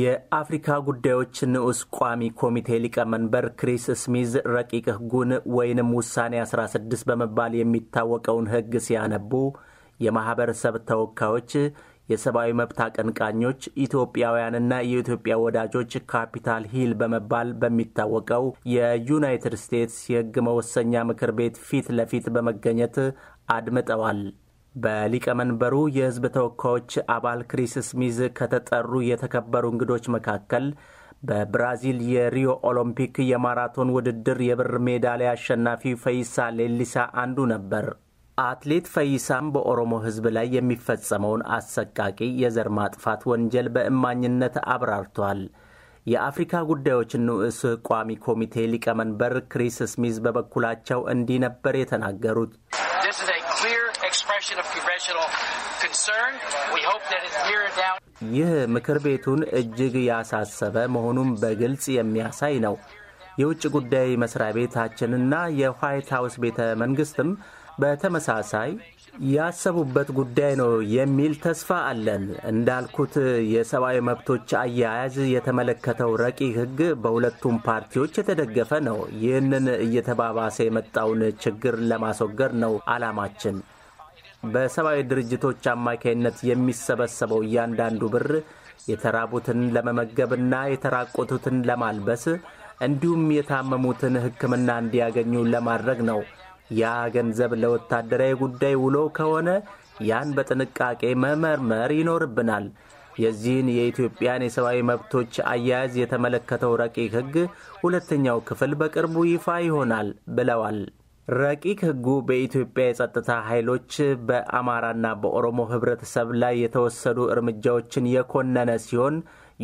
የአፍሪካ ጉዳዮች ንዑስ ቋሚ ኮሚቴ ሊቀመንበር ክሪስ ስሚዝ ረቂቅ ሕጉን ወይንም ውሳኔ 16 በመባል የሚታወቀውን ሕግ ሲያነቡ የማኅበረሰብ ተወካዮች፣ የሰብአዊ መብት አቀንቃኞች፣ ኢትዮጵያውያንና የኢትዮጵያ ወዳጆች ካፒታል ሂል በመባል በሚታወቀው የዩናይትድ ስቴትስ የሕግ መወሰኛ ምክር ቤት ፊት ለፊት በመገኘት አድምጠዋል። በሊቀመንበሩ የህዝብ ተወካዮች አባል ክሪስ ስሚዝ ከተጠሩ የተከበሩ እንግዶች መካከል በብራዚል የሪዮ ኦሎምፒክ የማራቶን ውድድር የብር ሜዳሊያ አሸናፊ ፈይሳ ሌሊሳ አንዱ ነበር። አትሌት ፈይሳም በኦሮሞ ህዝብ ላይ የሚፈጸመውን አሰቃቂ የዘር ማጥፋት ወንጀል በእማኝነት አብራርቷል። የአፍሪካ ጉዳዮች ንዑስ ቋሚ ኮሚቴ ሊቀመንበር ክሪስ ስሚዝ በበኩላቸው እንዲህ ነበር የተናገሩት። ይህ ምክር ቤቱን እጅግ ያሳሰበ መሆኑን በግልጽ የሚያሳይ ነው። የውጭ ጉዳይ መስሪያ ቤታችንና የዋይት ሀውስ ቤተ መንግስትም በተመሳሳይ ያሰቡበት ጉዳይ ነው የሚል ተስፋ አለን። እንዳልኩት የሰብአዊ መብቶች አያያዝ የተመለከተው ረቂቅ ሕግ በሁለቱም ፓርቲዎች የተደገፈ ነው። ይህንን እየተባባሰ የመጣውን ችግር ለማስወገድ ነው አላማችን። በሰብአዊ ድርጅቶች አማካይነት የሚሰበሰበው እያንዳንዱ ብር የተራቡትን ለመመገብና የተራቆቱትን ለማልበስ እንዲሁም የታመሙትን ሕክምና እንዲያገኙ ለማድረግ ነው። ያ ገንዘብ ለወታደራዊ ጉዳይ ውሎ ከሆነ ያን በጥንቃቄ መመርመር ይኖርብናል። የዚህን የኢትዮጵያን የሰብአዊ መብቶች አያያዝ የተመለከተው ረቂቅ ሕግ ሁለተኛው ክፍል በቅርቡ ይፋ ይሆናል ብለዋል። ረቂቅ ህጉ በኢትዮጵያ የጸጥታ ኃይሎች በአማራና በኦሮሞ ህብረተሰብ ላይ የተወሰዱ እርምጃዎችን የኮነነ ሲሆን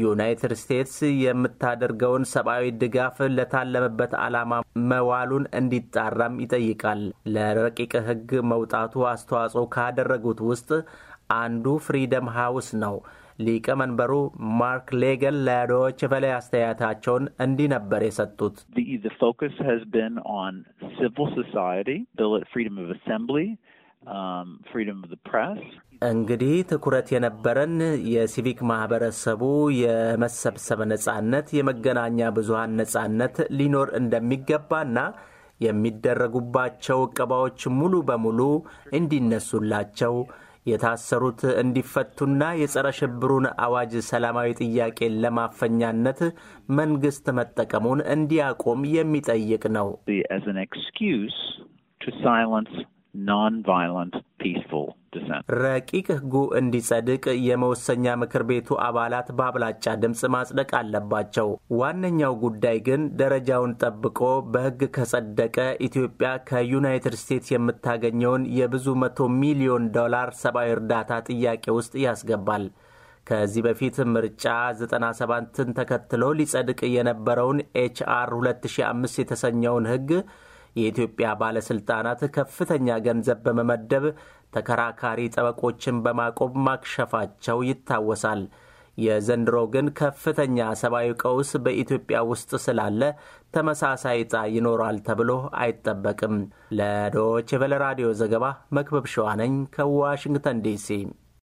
ዩናይትድ ስቴትስ የምታደርገውን ሰብአዊ ድጋፍ ለታለመበት ዓላማ መዋሉን እንዲጣራም ይጠይቃል። ለረቂቅ ህግ መውጣቱ አስተዋጽኦ ካደረጉት ውስጥ አንዱ ፍሪደም ሃውስ ነው። ሊቀ መንበሩ ማርክ ሌገል ለዶች ቨለ አስተያየታቸውን እንዲህ ነበር የሰጡት። um, እንግዲህ ትኩረት የነበረን የሲቪክ ማህበረሰቡ የመሰብሰብ ነጻነት፣ የመገናኛ ብዙሀን ነጻነት ሊኖር እንደሚገባና የሚደረጉባቸው ቅባዎች ሙሉ በሙሉ እንዲነሱላቸው የታሰሩት እንዲፈቱና የጸረ ሽብሩን አዋጅ ሰላማዊ ጥያቄን ለማፈኛነት መንግስት መጠቀሙን እንዲያቆም የሚጠይቅ ነው። ይሆናል። ረቂቅ ህጉ እንዲጸድቅ የመወሰኛ ምክር ቤቱ አባላት በአብላጫ ድምፅ ማጽደቅ አለባቸው። ዋነኛው ጉዳይ ግን ደረጃውን ጠብቆ በህግ ከጸደቀ ኢትዮጵያ ከዩናይትድ ስቴትስ የምታገኘውን የብዙ መቶ ሚሊዮን ዶላር ሰብአዊ እርዳታ ጥያቄ ውስጥ ያስገባል። ከዚህ በፊት ምርጫ 97ን ተከትሎ ሊጸድቅ የነበረውን ኤችአር 2005 የተሰኘውን ህግ የኢትዮጵያ ባለስልጣናት ከፍተኛ ገንዘብ በመመደብ ተከራካሪ ጠበቆችን በማቆም ማክሸፋቸው ይታወሳል። የዘንድሮ ግን ከፍተኛ ሰብአዊ ቀውስ በኢትዮጵያ ውስጥ ስላለ ተመሳሳይ ዕጣ ይኖራል ተብሎ አይጠበቅም። ለዶይቼ ቬለ ራዲዮ ዘገባ መክበብ ሸዋነኝ ከዋሽንግተን ዲሲ